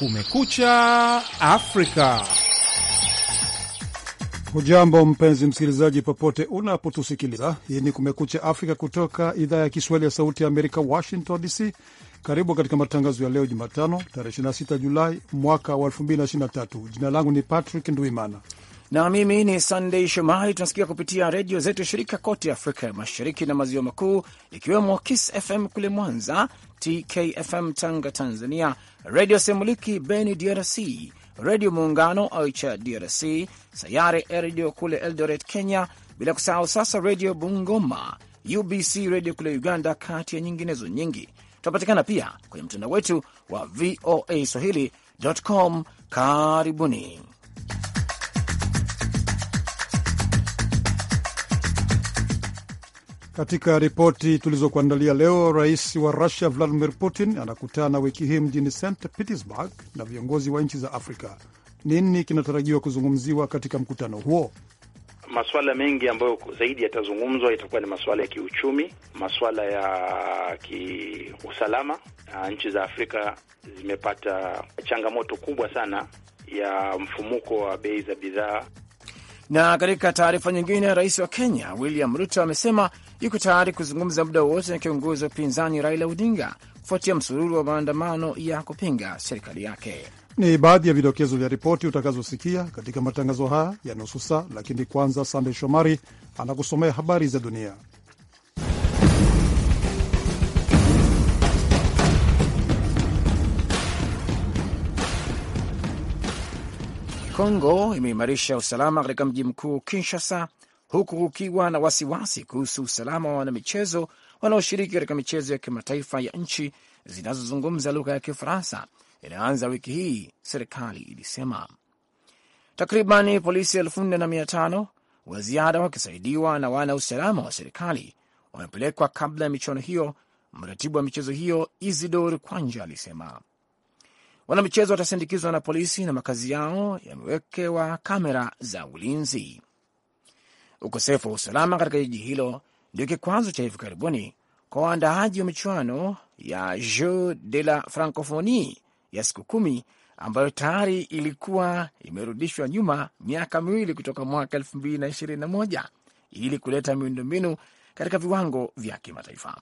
Kumekucha Afrika. Hujambo mpenzi msikilizaji, popote unapotusikiliza. Hii ni Kumekucha Afrika kutoka idhaa ya Kiswahili ya Sauti ya Amerika, Washington DC. Karibu katika matangazo ya leo Jumatano, tarehe 26 Julai mwaka wa 2023. Jina langu ni Patrick Nduimana na mimi ni Sandey Shomari. Tunasikia kupitia redio zetu shirika kote Afrika ya Mashariki na Maziwa Makuu, ikiwemo Kiss FM kule Mwanza, TKFM Tanga Tanzania, Redio Semuliki Beni DRC, Redio Muungano Oicha DRC, Sayare Redio kule Eldoret Kenya, bila kusahau sasa Redio Bungoma, UBC Redio kule Uganda, kati ya nyinginezo nyingi. Tunapatikana pia kwenye mtandao wetu wa VOA Swahili.com. Karibuni. Katika ripoti tulizokuandalia leo, rais wa Rusia Vladimir Putin anakutana wiki hii mjini St Petersburg na viongozi wa nchi za Afrika. Nini kinatarajiwa kuzungumziwa katika mkutano huo? Masuala mengi ambayo zaidi yatazungumzwa itakuwa ni masuala ya kiuchumi, masuala ya kiusalama. Nchi za Afrika zimepata changamoto kubwa sana ya mfumuko wa bei za bidhaa. Na katika taarifa nyingine, rais wa Kenya William Ruto amesema yuko tayari kuzungumza muda wowote na kiongozi wa upinzani Raila Odinga kufuatia msururu wa maandamano ya kupinga serikali yake. Ni baadhi ya vidokezo vya ripoti utakazosikia katika matangazo haya ya nusu saa, lakini kwanza, Sandey Shomari anakusomea habari za dunia. Kongo imeimarisha usalama katika mji mkuu Kinshasa huku kukiwa na wasiwasi kuhusu usalama wa wanamichezo wanaoshiriki katika michezo ya kimataifa ya nchi zinazozungumza lugha ya Kifaransa inayoanza wiki hii, serikali ilisema. takriban polisi elfu nne na mia tano wa ziada wakisaidiwa na wana usalama wa serikali wamepelekwa kabla ya michuano hiyo. Mratibu wa michezo hiyo Isidor Kwanja alisema wanamichezo watasindikizwa na polisi na makazi yao yamewekewa kamera za ulinzi. Ukosefu wa usalama katika jiji hilo ndio kikwazo cha hivi karibuni kwa waandaaji wa michuano ya Jeux de la Francophonie ya siku kumi ambayo tayari ilikuwa imerudishwa nyuma miaka miwili kutoka mwaka elfu mbili na ishirini na moja ili kuleta miundombinu katika viwango vya kimataifa.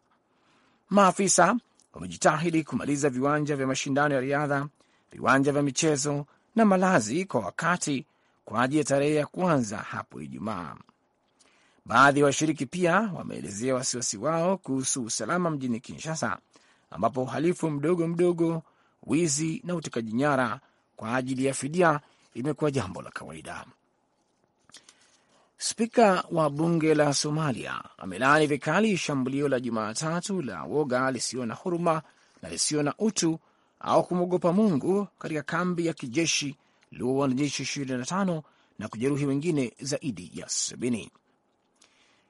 Maafisa wamejitahidi kumaliza viwanja vya mashindano ya riadha, viwanja vya michezo na malazi kwa wakati kwa ajili ya tarehe ya kwanza hapo Ijumaa. Baadhi ya washiriki pia wameelezea wasiwasi wao kuhusu usalama mjini Kinshasa, ambapo uhalifu mdogo mdogo, wizi na utekaji nyara kwa ajili ya fidia imekuwa jambo la kawaida. Spika wa bunge la Somalia amelaani vikali shambulio la Jumatatu la woga lisiyo na huruma na lisiyo na utu au kumwogopa Mungu katika kambi ya kijeshi liua wanajeshi 25 na kujeruhi wengine zaidi ya 70.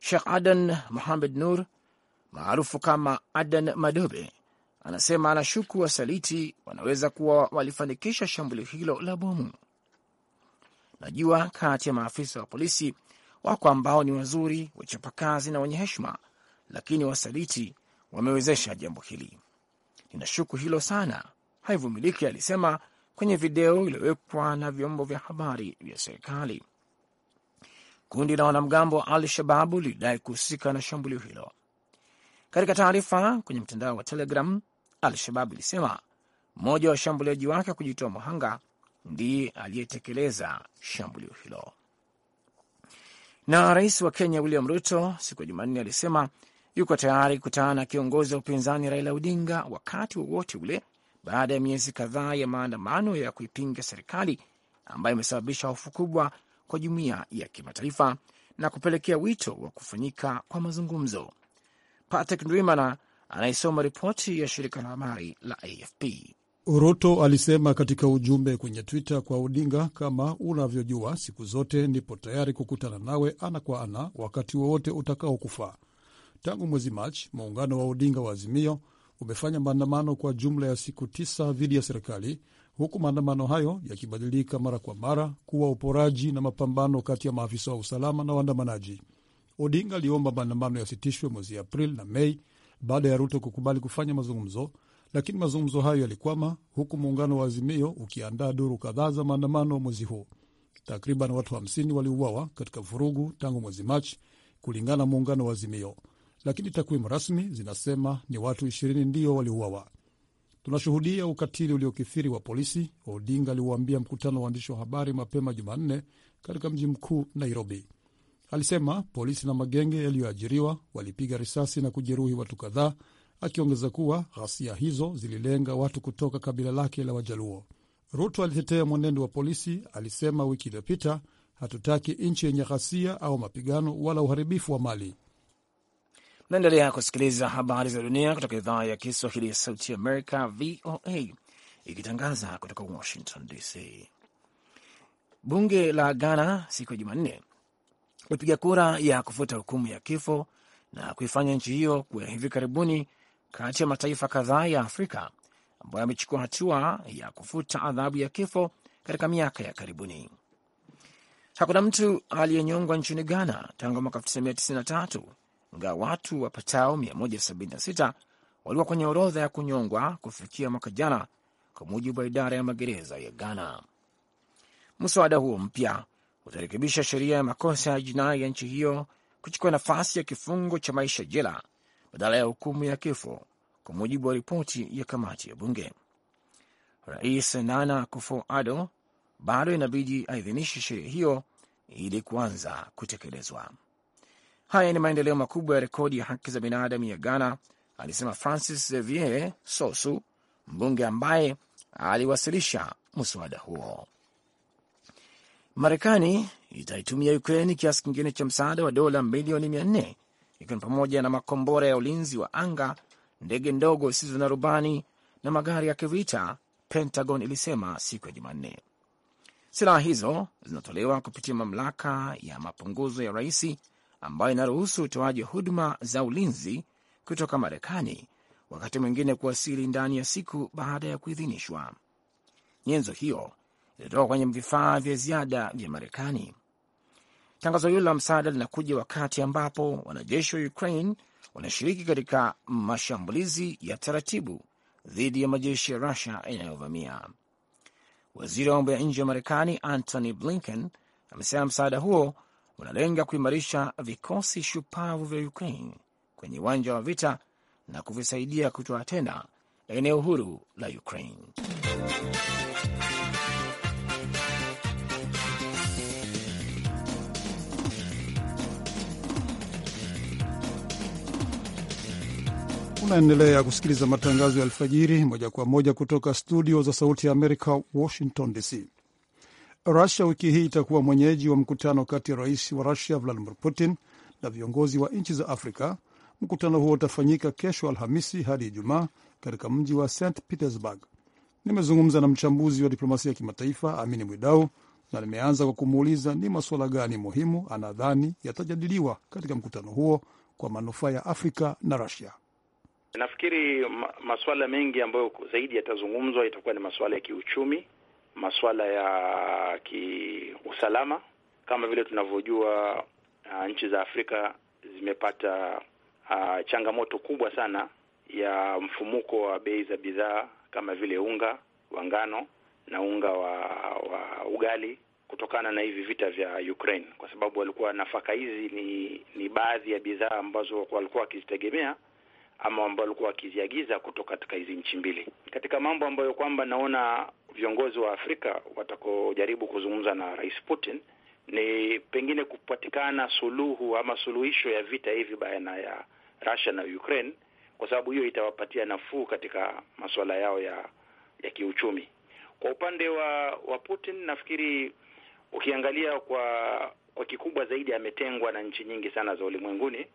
Sheikh Adan muhamed Nur maarufu kama Adan Madobe anasema anashuku wasaliti wanaweza kuwa walifanikisha shambulio hilo la bomu. Najua kati ya maafisa wa polisi wako ambao ni wazuri, wachapakazi na wenye heshima, lakini wasaliti wamewezesha jambo hili. Ninashuku hilo sana, haivumiliki, alisema kwenye video iliyowekwa na vyombo vya habari vya serikali. Kundi la wanamgambo wa Al Shababu lilidai kuhusika na shambulio hilo. Katika taarifa kwenye mtandao wa Telegram, Al Shababu ilisema mmoja wa washambuliaji wake wa kujitoa muhanga ndiye aliyetekeleza shambulio hilo. Na rais wa Kenya William Ruto siku ya Jumanne alisema yuko tayari kukutana na kiongozi wa upinzani Raila Odinga wakati wowote ule baada ya miezi kadhaa ya maandamano ya kuipinga serikali ambayo imesababisha hofu kubwa kwa jumuiya ya kimataifa na kupelekea wito wa kufanyika kwa mazungumzo. Patrick Ndwimana anayesoma ripoti ya shirika la habari la AFP. Ruto alisema katika ujumbe kwenye Twitter kwa Odinga, kama unavyojua, siku zote nipo tayari kukutana nawe ana kwa ana wakati wowote utakaokufaa. Tangu mwezi Machi, muungano wa Odinga wa Azimio umefanya maandamano kwa jumla ya siku tisa dhidi ya serikali huku maandamano hayo yakibadilika mara kwa mara kuwa uporaji na mapambano kati ya maafisa wa usalama na waandamanaji. Odinga aliomba maandamano yasitishwe mwezi Aprili na Mei baada ya Ruto kukubali kufanya mazungumzo, lakini mazungumzo hayo yalikwama, huku muungano wa Azimio ukiandaa duru kadhaa za maandamano mwezi huu. Takriban watu 50 waliuawa katika vurugu tangu mwezi Machi, kulingana na muungano wa Azimio, lakini takwimu rasmi zinasema ni watu 20 ndio waliuawa tunashuhudia ukatili uliokithiri wa polisi, Odinga aliwaambia mkutano wa waandishi wa habari mapema Jumanne katika mji mkuu Nairobi. Alisema polisi na magenge yaliyoajiriwa walipiga risasi na kujeruhi watu kadhaa, akiongeza kuwa ghasia hizo zililenga watu kutoka kabila lake la Wajaluo. Ruto alitetea mwenendo wa polisi. Alisema wiki iliyopita, hatutaki nchi yenye ghasia au mapigano wala uharibifu wa mali. Naendelea kusikiliza habari za dunia kutoka idhaa ya Kiswahili ya Sauti Amerika, VOA, ikitangaza kutoka Washington DC. Bunge la Ghana siku ya Jumanne lipiga kura ya kufuta hukumu ya kifo na kuifanya nchi hiyo kuwa hivi karibuni kati ya mataifa kadhaa ya Afrika ambayo amechukua hatua ya kufuta adhabu ya kifo katika miaka ya karibuni. Hakuna mtu aliyenyongwa nchini Ghana tangu mwaka 1993 ingawa watu wapatao 176 walikuwa kwenye orodha ya kunyongwa kufikia mwaka jana, kwa mujibu wa idara ya magereza ya Ghana. Mswada huo mpya utarekebisha sheria ya makosa ya jinai ya nchi hiyo kuchukua nafasi ya kifungo cha maisha jela badala ya hukumu ya kifo, kwa mujibu wa ripoti ya kamati ya bunge. Rais Nana Akufo-Addo bado inabidi aidhinishe sheria hiyo ili kuanza kutekelezwa. Haya ni maendeleo makubwa ya rekodi ya haki za binadamu ya Ghana, alisema Francis Xavier Sosu, mbunge ambaye aliwasilisha mswada huo. Marekani itaitumia Ukraini kiasi kingine cha msaada wa dola milioni mia nne ikiwa ni pamoja na makombora ya ulinzi wa anga, ndege ndogo zisizo na rubani na magari ya kivita, Pentagon ilisema siku ya Jumanne. Silaha hizo zinatolewa kupitia mamlaka ya mapunguzo ya raisi ambayo inaruhusu utoaji wa huduma za ulinzi kutoka Marekani, wakati mwingine kuwasili ndani ya siku baada ya kuidhinishwa. Nyenzo hiyo ilitoka kwenye vifaa vya ziada vya Marekani. Tangazo hilo la msaada linakuja wakati ambapo wanajeshi wa Ukraine wanashiriki katika mashambulizi ya taratibu dhidi ya majeshi ya Rusia yanayovamia. Waziri wa mambo ya nje wa Marekani Antony Blinken amesema msaada huo unalenga kuimarisha vikosi shupavu vya Ukraine kwenye uwanja wa vita na kuvisaidia kutoa tena eneo huru la Ukraine. Unaendelea kusikiliza matangazo ya alfajiri moja kwa moja kutoka studio za Sauti ya Amerika, Washington DC. Rusia wiki hii itakuwa mwenyeji wa mkutano kati ya rais wa Rusia Vladimir Putin na viongozi wa nchi za Afrika. Mkutano huo utafanyika kesho Alhamisi hadi Ijumaa katika mji wa St Petersburg. Nimezungumza na mchambuzi wa diplomasia ya kimataifa Amini Mwidau na nimeanza kwa kumuuliza ni masuala gani muhimu anadhani yatajadiliwa katika mkutano huo kwa manufaa ya Afrika na Rusia. Nafikiri masuala mengi ambayo zaidi yatazungumzwa itakuwa ni masuala ya kiuchumi masuala ya kiusalama. Kama vile tunavyojua, uh, nchi za Afrika zimepata uh, changamoto kubwa sana ya mfumuko wa bei za bidhaa kama vile unga wa ngano na unga wa, wa ugali kutokana na hivi vita vya Ukraine, kwa sababu walikuwa nafaka hizi ni ni baadhi ya bidhaa ambazo walikuwa wakizitegemea ama ambao walikuwa wakiziagiza kutoka katika hizi nchi mbili. Katika mambo ambayo kwamba naona viongozi wa Afrika watakojaribu kuzungumza na Rais Putin ni pengine kupatikana suluhu ama suluhisho ya vita hivi baina ya Russia na Ukraine, kwa sababu hiyo itawapatia nafuu katika masuala yao ya ya kiuchumi. Kwa upande wa wa Putin, nafikiri ukiangalia kwa kwa kikubwa zaidi ametengwa na nchi nyingi sana za ulimwenguni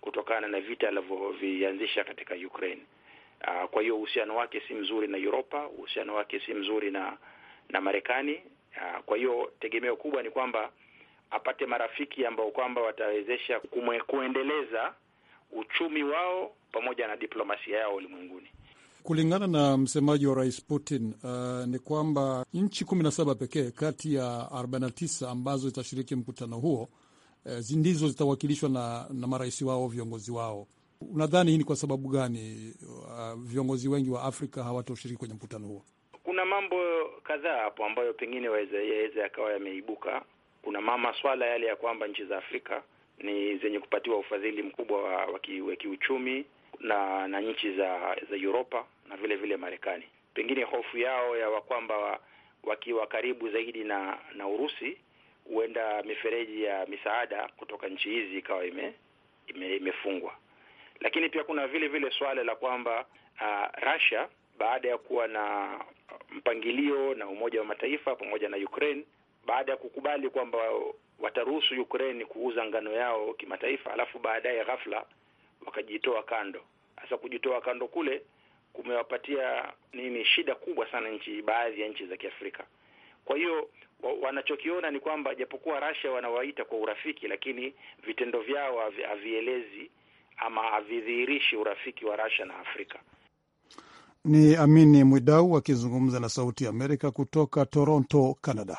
kutokana na vita alivyovianzisha katika Ukraine. Ah, kwa hiyo uhusiano wake si mzuri na Europa, uhusiano wake si mzuri na na Marekani. Ah, kwa hiyo tegemeo kubwa ni kwamba apate marafiki ambao kwamba watawezesha kuendeleza uchumi wao pamoja na diplomasia yao ulimwenguni. Kulingana na msemaji wa Rais Putin, uh, ni kwamba nchi 17 pekee kati ya 49 ambazo zitashiriki mkutano huo eh, ndizo zitawakilishwa na, na marais wao, viongozi wao. Unadhani hii ni kwa sababu gani uh, viongozi wengi wa Afrika hawatoshiriki kwenye mkutano huo? Kuna mambo kadhaa hapo ambayo pengine yaweza yakawa yameibuka. Kuna maswala yale ya kwamba nchi za Afrika ni zenye kupatiwa ufadhili mkubwa wa kiuchumi na na nchi za za Uropa na vile vile Marekani. Pengine hofu yao ya kwamba wakiwa karibu zaidi na na Urusi huenda mifereji ya misaada kutoka nchi hizi ikawa ime, ime, imefungwa. Lakini pia kuna vile vile swala la kwamba uh, Russia baada ya kuwa na mpangilio na Umoja wa Mataifa pamoja na Ukraine, baada ya kukubali kwamba wataruhusu Ukraine kuuza ngano yao kimataifa, alafu baadaye ghafla wakajitoa kando. Sasa kujitoa kando kule kumewapatia nini shida kubwa sana nchi, baadhi ya nchi za Kiafrika kwa hiyo wanachokiona ni kwamba japokuwa Russia wanawaita kwa urafiki, lakini vitendo vyao havielezi ama havidhihirishi urafiki wa Russia na Afrika. Ni Amini Mwidau akizungumza na Sauti ya Amerika kutoka Toronto, Canada.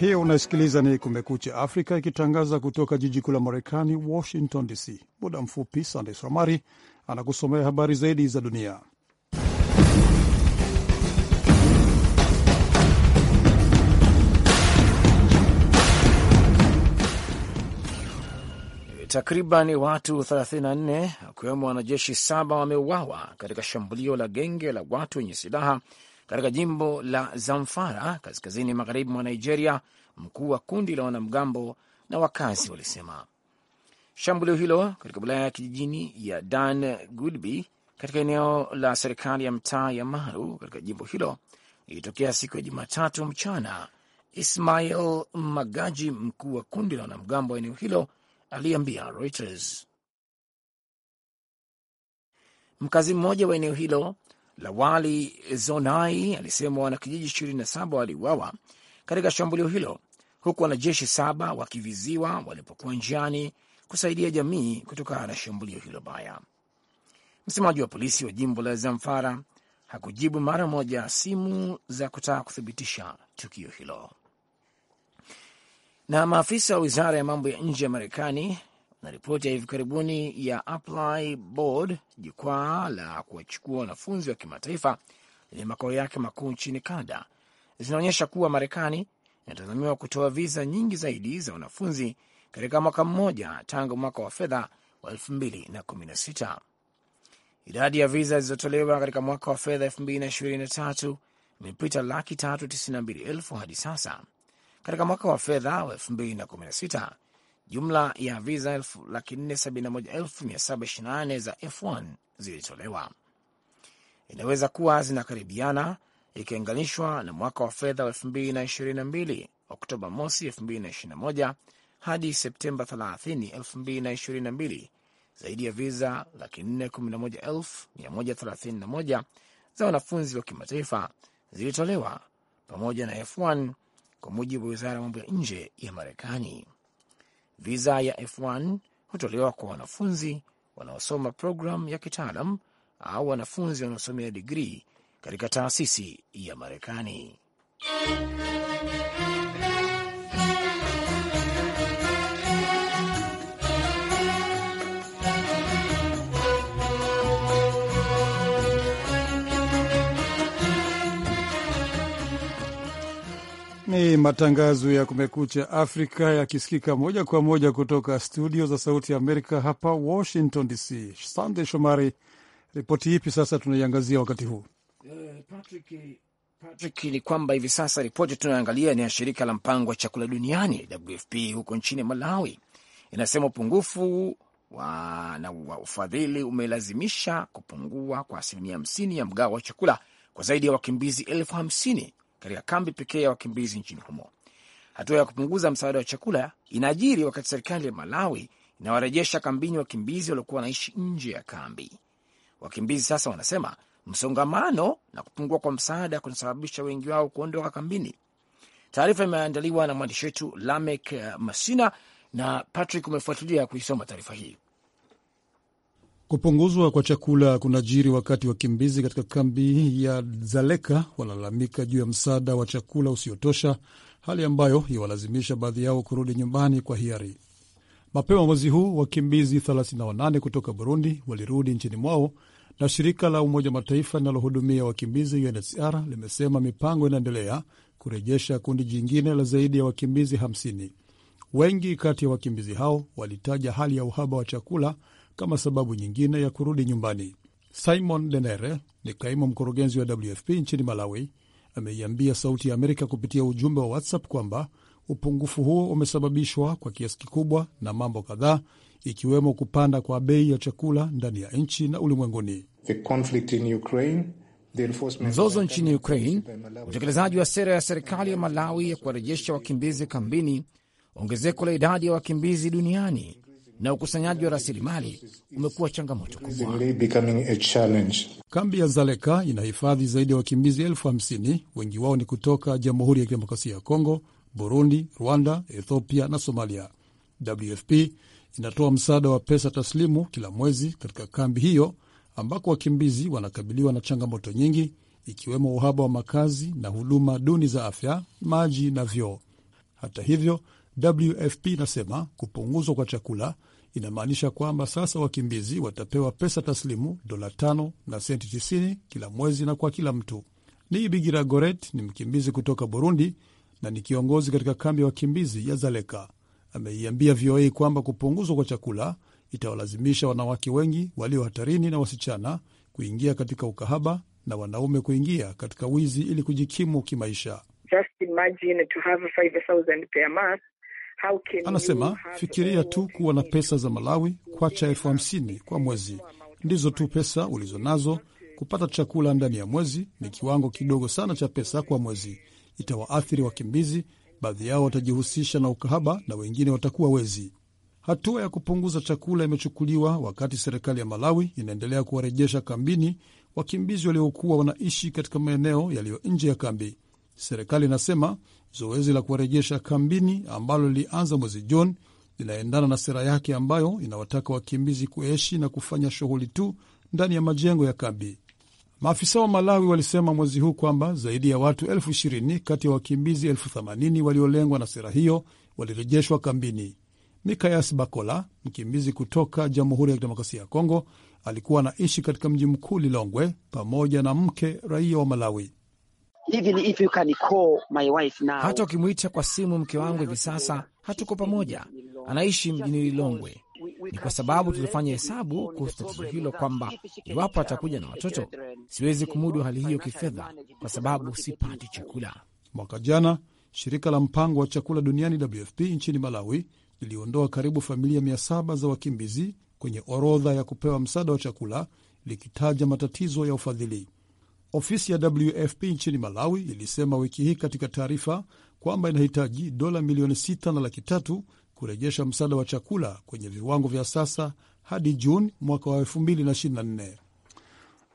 Hiyo unasikiliza ni Kumekucha Afrika ikitangaza kutoka jiji kuu la Marekani, Washington DC. Muda mfupi Sandey Shomari anakusomea habari zaidi za dunia. Takriban watu 34 wakiwemo wanajeshi saba wameuawa katika shambulio la genge la watu wenye silaha katika jimbo la Zamfara kaskazini magharibi mwa Nigeria, mkuu wa kundi la wanamgambo na wakazi walisema. Shambulio hilo katika wilaya ya kijijini ya Dan Gudby katika eneo la serikali ya mtaa ya Maru katika jimbo hilo ilitokea siku ya Jumatatu mchana. Ismail Magaji, mkuu wa kundi la wanamgambo wa eneo hilo, aliambia Reuters. Mkazi mmoja wa eneo hilo Lawali Zonai alisema wanakijiji 27 waliuawa katika shambulio hilo, huku wanajeshi saba wakiviziwa walipokuwa njiani kusaidia jamii kutokana na shambulio hilo baya. Msemaji wa polisi wa jimbo la Zamfara hakujibu mara moja simu za kutaka kuthibitisha tukio hilo. Na maafisa wa wizara ya mambo ya nje ya Marekani na ripoti ya hivi karibuni ya Apply Board, jukwaa la kuwachukua wanafunzi wa kimataifa lenye makao yake makuu nchini Canada, zinaonyesha kuwa Marekani inatazamiwa kutoa viza nyingi zaidi za wanafunzi katika mwaka mmoja tangu mwaka wa fedha wa 2016. Idadi ya viza zilizotolewa katika mwaka wa fedha 2023 imepita laki 392 hadi sasa. Katika mwaka wa fedha wa 2016 jumla ya viza 471,728 za F1 zilitolewa. Inaweza kuwa zinakaribiana ikiinganishwa na mwaka wa fedha wa 2022 Oktoba mosi 2021 hadi Septemba 30, 2022 zaidi ya viza 411,131 za wanafunzi wa kimataifa zilitolewa pamoja na F1 kwa mujibu wa wizara ya mambo ya nje ya Marekani. Viza ya F1 hutolewa kwa wanafunzi wanaosoma programu ya kitaalam au wanafunzi wanaosomea digrii katika taasisi ya Marekani. Ni matangazo ya Kumekucha Afrika yakisikika moja kwa moja kutoka studio za Sauti ya Amerika hapa Washington DC. Sande Shomari, ripoti ipi sasa tunaiangazia wakati huu? Eh, Patrick, Patrick, ni kwamba hivi sasa ripoti tunayoangalia ni ya shirika la mpango wa chakula duniani WFP huko nchini Malawi. Inasema upungufu wa, na wa ufadhili umelazimisha kupungua kwa asilimia hamsini ya mgao wa chakula kwa zaidi ya wakimbizi elfu hamsini katika kambi pekee ya wakimbizi nchini humo. Hatua ya kupunguza msaada wa chakula inaajiri wakati serikali ya Malawi inawarejesha kambini wakimbizi waliokuwa wanaishi nje ya kambi. Wakimbizi sasa wanasema msongamano na kupungua kwa msaada kunasababisha wengi wao kuondoka kambini. Taarifa imeandaliwa na mwandishi wetu Lamek Masina na Patrick umefuatilia kuisoma taarifa hii. Kupunguzwa kwa chakula kunajiri wakati wakimbizi katika kambi ya Zaleka wanalalamika juu ya msaada wa chakula usiotosha, hali ambayo iwalazimisha baadhi yao kurudi nyumbani kwa hiari. Mapema mwezi huu wakimbizi 38 kutoka Burundi walirudi nchini mwao, na shirika la Umoja wa Mataifa linalohudumia wakimbizi UNHCR limesema mipango inaendelea kurejesha kundi jingine la zaidi ya wakimbizi 50. Wengi kati ya wakimbizi hao walitaja hali ya uhaba wa chakula kama sababu nyingine ya kurudi nyumbani. Simon Lenere ni kaimu mkurugenzi wa WFP nchini Malawi, ameiambia Sauti ya Amerika kupitia ujumbe wa WhatsApp kwamba upungufu huo umesababishwa kwa kiasi kikubwa na mambo kadhaa ikiwemo kupanda kwa bei ya chakula ndani ya nchi na ulimwenguni. Mzozo nchini Ukraine, utekelezaji wa sera ya serikali ya Malawi ya kuwarejesha wakimbizi kambini, ongezeko la idadi ya wakimbizi duniani na ukusanyaji wa rasilimali umekuwa changamoto kubwa. Kambi ya Zaleka inahifadhi zaidi ya wakimbizi elfu hamsini. Wengi wao ni kutoka Jamhuri ya Kidemokrasia ya Kongo, Burundi, Rwanda, Ethiopia na Somalia. WFP inatoa msaada wa pesa taslimu kila mwezi katika kambi hiyo ambako wakimbizi wanakabiliwa na changamoto nyingi ikiwemo uhaba wa makazi na huduma duni za afya, maji na vyoo. Hata hivyo, WFP inasema kupunguzwa kwa chakula Inamaanisha kwamba sasa wakimbizi watapewa pesa taslimu dola tano na senti tisini kila mwezi na kwa kila mtu. Ni Bigira Goret ni mkimbizi kutoka Burundi na ni kiongozi katika kambi ya wakimbizi ya Zaleka. Ameiambia VOA kwamba kupunguzwa kwa chakula itawalazimisha wanawake wengi walio hatarini na wasichana kuingia katika ukahaba na wanaume kuingia katika wizi ili kujikimu kimaisha. Just imagine to have 5,000 per month Anasema fikiria tu kuwa na pesa za Malawi, kwacha elfu hamsini kwa mwezi, ndizo tu pesa ulizo nazo. Kupata chakula ndani ya mwezi ni kiwango kidogo sana cha pesa kwa mwezi. Itawaathiri wakimbizi, baadhi yao watajihusisha na ukahaba na wengine watakuwa wezi. Hatua ya kupunguza chakula imechukuliwa wakati serikali ya Malawi inaendelea kuwarejesha kambini wakimbizi waliokuwa wanaishi katika maeneo yaliyo nje ya kambi. Serikali inasema zoezi la kuwarejesha kambini ambalo lilianza mwezi Juni linaendana na sera yake ambayo inawataka wakimbizi kuishi na kufanya shughuli tu ndani ya majengo ya kambi. Maafisa wa Malawi walisema mwezi huu kwamba zaidi ya watu elfu ishirini kati ya wakimbizi elfu themanini waliolengwa na sera hiyo walirejeshwa kambini. Mikayas Bakola, mkimbizi kutoka Jamhuri ya Kidemokrasia ya Kongo, alikuwa anaishi katika mji mkuu Lilongwe pamoja na mke, raia wa Malawi even if you can call my wife now. Hata ukimwita kwa simu mke wangu hivi sasa, hatuko pamoja, anaishi mjini Lilongwe. Ni kwa sababu tulifanya hesabu kuhusu tatizo hilo kwamba iwapo atakuja na watoto, siwezi kumudu hali hiyo kifedha, kwa sababu sipati chakula. Mwaka jana shirika la mpango wa chakula duniani WFP nchini Malawi liliondoa karibu familia 700 za wakimbizi kwenye orodha ya kupewa msaada wa chakula likitaja matatizo ya ufadhili. Ofisi ya WFP nchini Malawi ilisema wiki hii katika taarifa kwamba inahitaji dola milioni sita na laki tatu kurejesha msaada wa chakula kwenye viwango vya sasa hadi Juni mwaka wa 2024.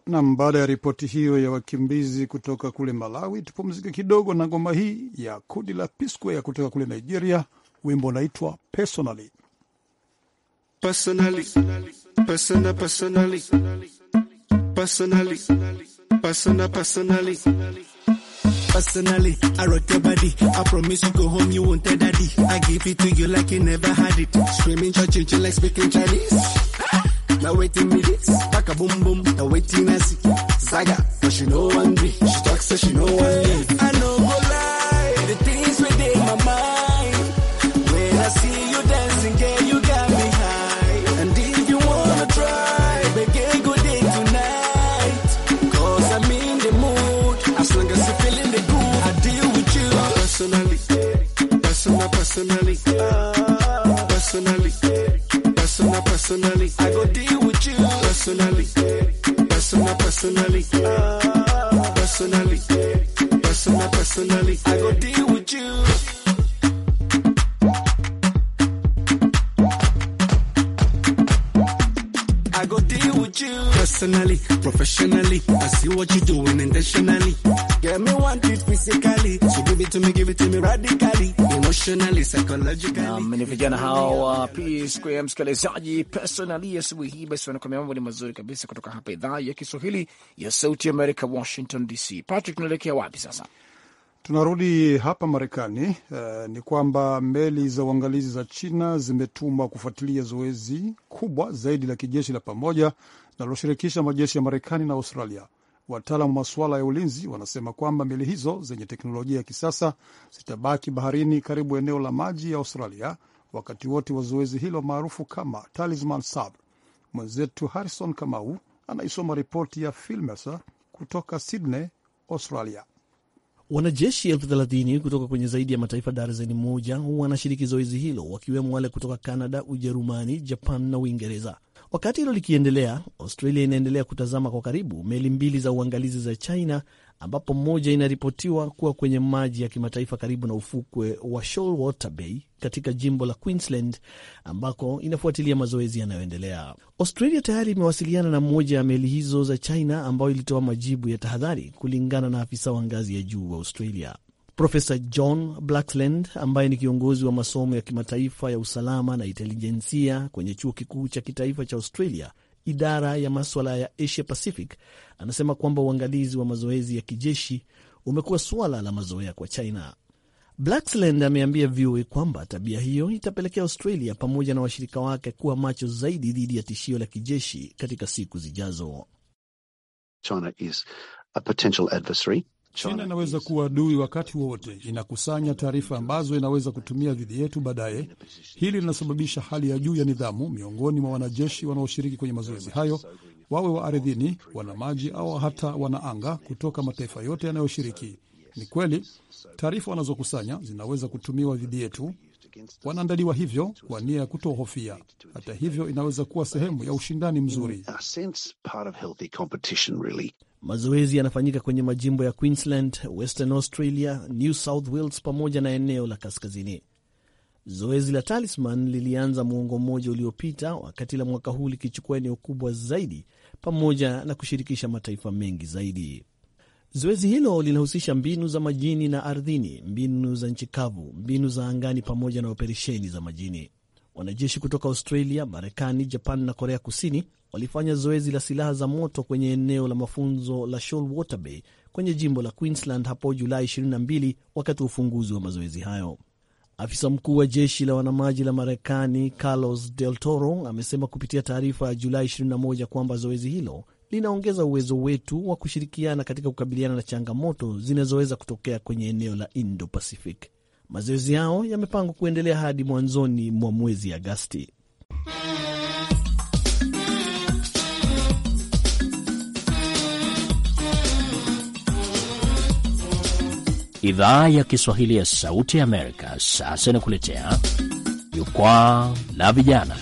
Nam, baada ya ripoti hiyo ya wakimbizi kutoka kule Malawi, tupumzike kidogo na ngoma hii ya kundi la Piskwe ya kutoka kule Nigeria. Wimbo unaitwa Personally. Personally. Personally. Personally. Personally. personal, personally. Personally, I rock your body. I promise you go home, you won't tell daddy. I give it to you like you never had it. Screaming, churching, like speaking Chinese. Now waiting me this, back a boom boom. Now waiting I see Zaga, but she know one day. She talks so she know one day. I know go lie, the things within my mind when I see. ni vijana hawa wa P Square, msikilizaji personali asubuhi hii. Basi wanakwambia mambo ni mazuri kabisa, kutoka hapa idhaa ya Kiswahili ya Sauti America, Washington DC. Patrick, tunaelekea wapi sasa? Tunarudi hapa Marekani. Uh, ni kwamba meli za uangalizi za China zimetumwa kufuatilia zoezi kubwa zaidi la kijeshi la pamoja linaloshirikisha majeshi ya Marekani na Australia. Wataalamu wa masuala ya ulinzi wanasema kwamba meli hizo zenye teknolojia ya kisasa zitabaki baharini karibu eneo la maji ya Australia wakati wote wa zoezi hilo maarufu kama Talisman Sub. Mwenzetu Harrison Kamau anaisoma ripoti ya Phil Mercer kutoka Sydney, Australia. Wanajeshi elfu thelathini kutoka kwenye zaidi ya mataifa darzeni moja wanashiriki zoezi hilo, wakiwemo wale kutoka Canada, Ujerumani, Japan na Uingereza. Wakati hilo likiendelea, Australia inaendelea kutazama kwa karibu meli mbili za uangalizi za China, ambapo moja inaripotiwa kuwa kwenye maji ya kimataifa karibu na ufukwe wa Shoalwater Bay katika jimbo la Queensland, ambako inafuatilia mazoezi yanayoendelea. Australia tayari imewasiliana na moja ya meli hizo za China, ambayo ilitoa majibu ya tahadhari, kulingana na afisa wa ngazi ya juu wa Australia. Profesa John Blackland ambaye ni kiongozi wa masomo ya kimataifa ya usalama na intelijensia kwenye chuo kikuu cha kitaifa cha Australia, idara ya maswala ya Asia Pacific, anasema kwamba uangalizi wa mazoezi ya kijeshi umekuwa suala la mazoea kwa China. Blaxland ameambia VOA kwamba tabia hiyo itapelekea Australia pamoja na washirika wake kuwa macho zaidi dhidi ya tishio la kijeshi katika siku zijazo. China is a potential adversary China inaweza kuwa adui wakati wowote, inakusanya taarifa ambazo inaweza kutumia dhidi yetu baadaye. Hili linasababisha hali ya juu ya nidhamu miongoni mwa wanajeshi wanaoshiriki kwenye mazoezi hayo, wawe wa ardhini, wana maji au hata wana anga kutoka mataifa yote yanayoshiriki. Ni kweli taarifa wanazokusanya zinaweza kutumiwa dhidi yetu. Wanaandaliwa hivyo kwa nia ya kutohofia. Hata hivyo, inaweza kuwa sehemu ya ushindani mzuri. Mazoezi yanafanyika kwenye majimbo ya Queensland, Western Australia, New South Wales pamoja na eneo la kaskazini. Zoezi la Talisman lilianza muongo mmoja uliopita, wakati la mwaka huu likichukua eneo kubwa zaidi pamoja na kushirikisha mataifa mengi zaidi. Zoezi hilo linahusisha mbinu za majini na ardhini, mbinu za nchi kavu, mbinu za angani pamoja na operesheni za majini. Wanajeshi kutoka Australia, Marekani, Japan na Korea Kusini walifanya zoezi la silaha za moto kwenye eneo la mafunzo la Shoalwater Bay kwenye jimbo la Queensland hapo Julai 22 wakati wa ufunguzi wa mazoezi hayo. Afisa mkuu wa jeshi la wanamaji la Marekani Carlos Del Toro amesema kupitia taarifa ya Julai 21 kwamba zoezi hilo linaongeza uwezo wetu wa kushirikiana katika kukabiliana na changamoto zinazoweza kutokea kwenye eneo la Indo Pacific. Mazoezi yao yamepangwa kuendelea hadi mwanzoni mwa mwezi Agasti. Idhaa ya Kiswahili ya Sauti ya Amerika sasa inakuletea jukwaa la vijana.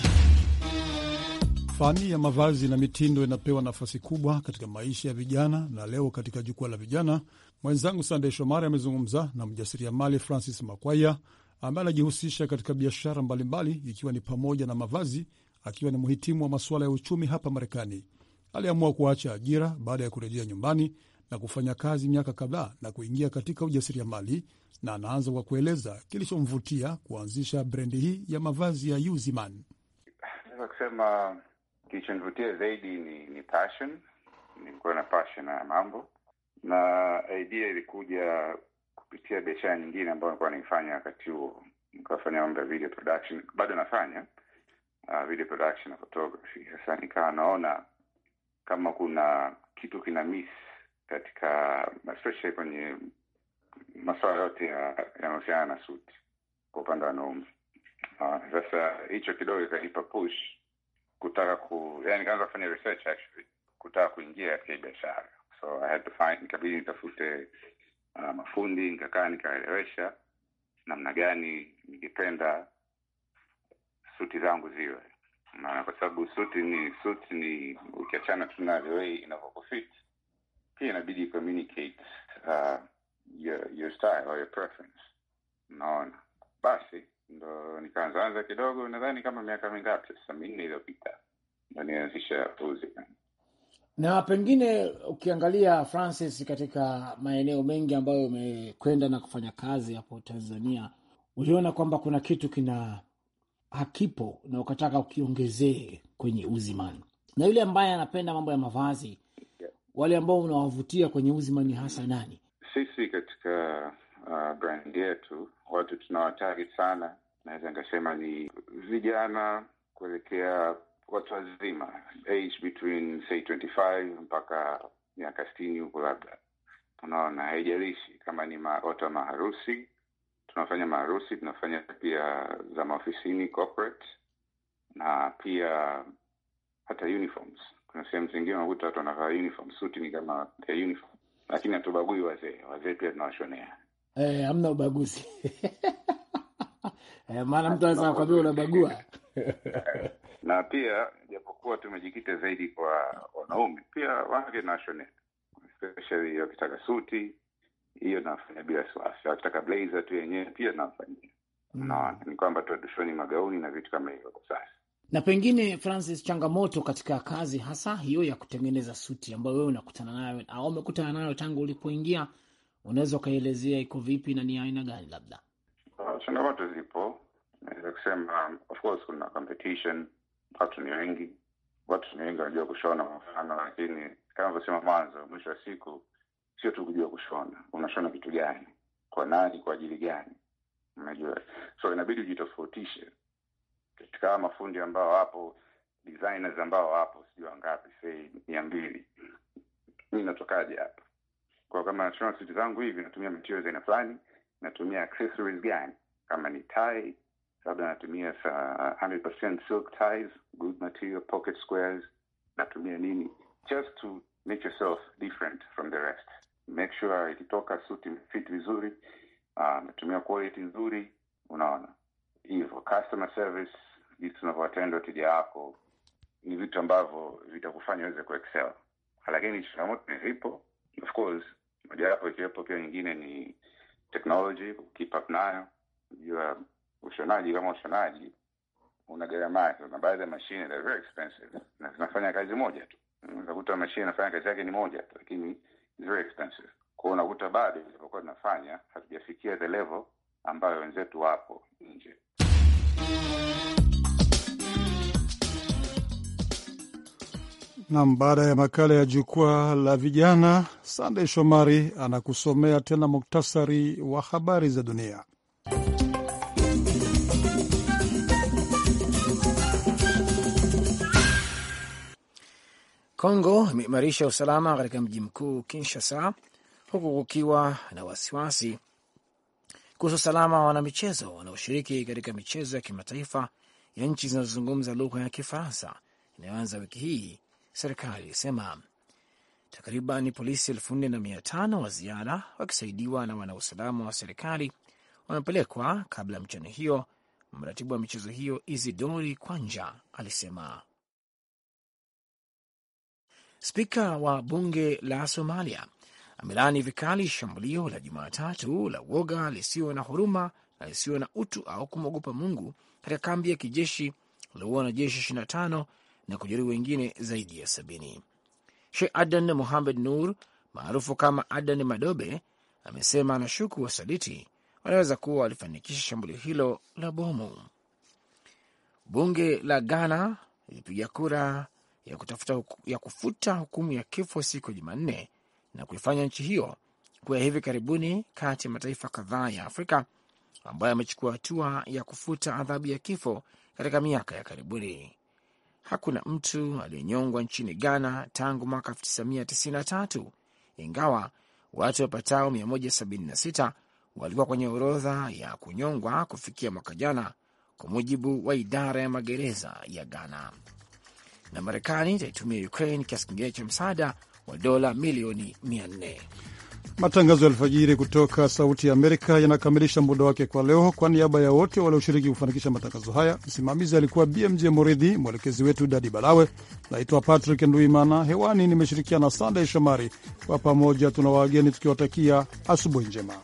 Fani ya mavazi na mitindo inapewa nafasi kubwa katika maisha ya vijana, na leo katika jukwaa la vijana, mwenzangu Sandey Shomari amezungumza na mjasiriamali Francis Makwaya ambaye anajihusisha katika biashara mbalimbali, ikiwa ni pamoja na mavazi, akiwa ni mhitimu wa masuala ya uchumi hapa Marekani. Aliamua kuacha ajira baada ya kurejea nyumbani na kufanya kazi miaka kadhaa na kuingia katika ujasiriamali, na anaanza kwa kueleza kilichomvutia kuanzisha brendi hii ya mavazi ya Uziman. Naweza kusema kilichonivutia zaidi ni ni passion. Nilikuwa na passion ya mambo, na idea ilikuja kupitia biashara nyingine ambayo nilikuwa naifanya wakati huo. Nikafanya mambo ya video production, bado nafanya uh, video production na photography. Sasa nikawa naona kama kuna kitu kina miss katika especially kwenye masuala yote yanahusiana na suti kwa upande wa wanaume. Uh, sasa uh, hicho kidogo ikanipa push kutaka ku yani nikaanza kufanya research actually kutaka kuingia katika hii biashara so I had to find nikabidi nitafute uh, mafundi nikakaa nikaelewesha namna gani ningependa suti zangu ziwe maana kwa sababu suti ni suti ni ukiachana tu na vewei inavyokufit pia inabidi communicate uh, your, your style or your preference unaona basi ndo nikaanzaanza kidogo, nadhani kama miaka mingapi sasa, minne iliyopita ndo nianzisha uzi. Na pengine ukiangalia Francis, katika maeneo mengi ambayo umekwenda na kufanya kazi hapo Tanzania, uliona kwamba kuna kitu kina hakipo na ukataka ukiongezee kwenye Uziman, na yule ambaye anapenda mambo ya mavazi, wale ambao unawavutia kwenye Uziman hasa nani? Sisi katika uh, brand yetu, watu tunawatarget sana, naweza nikasema ni vijana kuelekea watu wazima, age between say 25 mpaka miaka sitini huko labda. Unaona, haijalishi kama ni ma, watu wa maharusi, tunafanya maharusi, tunafanya pia za maofisini corporate, na pia hata uniforms. Kuna sehemu zingine unakuta watu wanavaa uniform, suti ni kama uniform, lakini hatubagui wazee. Wazee pia tunawashonea Eh, hamna ubaguzi. Eh, maana mtu anaweza kukwambia unabagua. Na pia japokuwa tumejikita zaidi kwa wanaume, pia wake na Especially hiyo kitaka suti, hiyo nafanya bila wasiwasi. Akitaka blazer tu yenyewe pia nafanyia. Mm. Unaona, ni kwamba tuadushoni magauni na vitu kama hivyo kwa sasa. Na pengine Francis, changamoto katika kazi hasa hiyo ya kutengeneza suti ambayo wewe unakutana nayo au umekutana nayo tangu ulipoingia unaweza ukaielezea iko vipi na ni aina gani? Labda ah, changamoto zipo, naweza kusema of course kuna competition, watu ni wengi, watu ni wengi wanajua kushona mafano, lakini kama vyosema mwanzo, mwisho wa siku sio tu kujua kushona, unashona kitu gani, kwa nani, kwa ajili gani? Unajua, so inabidi ujitofautishe katika mafundi ambao wapo designers ambao wapo sijui wangapi, sei mia mbili, mi natokaje hapa? kwa kama nashona suti zangu hivi natumia materials aina fulani, natumia accessories gani? Kama ni tie, labda natumia 100% silk ties, good material, pocket squares, natumia nini, just to make yourself different from the rest. Make sure ikitoka suti fit vizuri, uh, natumia quality nzuri, unaona hivyo. Customer service, jinsi unavyowatenda wateja wako ni vitu ambavyo vitakufanya uweze kuexcel, lakini changamoto ipo of course mojawapo ikiwepo pia nyingine ni technology keep up nayo. Unajua ushonaji kama ushonaji una gharama yake, na baadhi ya mashine very expensive na zinafanya kazi moja tu. Unakuta mashine inafanya kazi yake ni moja tu, lakini it's very expensive. unakuta bado zilipokuwa zinafanya hatujafikia the level ambayo wenzetu wapo nje. Nam, baada ya makala ya jukwaa la vijana, Sandey Shomari anakusomea tena muktasari wa habari za dunia. Kongo imeimarisha usalama katika mji mkuu Kinshasa, huku kukiwa na wasiwasi kuhusu usalama wa wanamichezo wanaoshiriki katika michezo ya kimataifa ya nchi zinazozungumza lugha ya Kifaransa inayoanza wiki hii serikali ilisema. Takriban polisi elfu nne na mia tano wa ziara wakisaidiwa na wanausalama wa serikali wamepelekwa kabla ya mchano hiyo. Mratibu wa michezo hiyo isidori Kwanja alisema. Spika wa bunge la Somalia amelaani vikali shambulio la Jumatatu la woga lisio na huruma na lisiyo na utu au kumwogopa Mungu katika kambi ya kijeshi liliua wanajeshi 25 na kujeruhi wengine zaidi ya sabini. Sheikh Adan muhamed Nur maarufu kama Adan Madobe amesema anashuku wasaliti wanaweza kuwa walifanikisha shambulio hilo la bomu. Bunge la Ghana lilipiga kura ya, kutafuta, ya kufuta hukumu ya kifo siku ya Jumanne na kuifanya nchi hiyo kuwa ya hivi karibuni kati ya mataifa kadhaa ya Afrika ambayo yamechukua hatua ya kufuta adhabu ya kifo katika miaka ya karibuni hakuna mtu aliyenyongwa nchini Ghana tangu mwaka 1993 ingawa watu wapatao 176 walikuwa kwenye orodha ya kunyongwa kufikia mwaka jana, kwa mujibu wa idara ya magereza ya Ghana. Na Marekani itaitumia Ukraine kiasi kingine cha msaada wa dola milioni 400. Matangazo ya alfajiri kutoka Sauti ya Amerika yanakamilisha muda wake kwa leo. Kwa niaba ya wote walioshiriki kufanikisha matangazo haya, msimamizi alikuwa BMJ Moridhi, mwelekezi wetu Dadi Balawe. Naitwa Patrick Nduimana, hewani nimeshirikiana na Sandey Shomari. Kwa pamoja tuna wageni tukiwatakia asubuhi njema.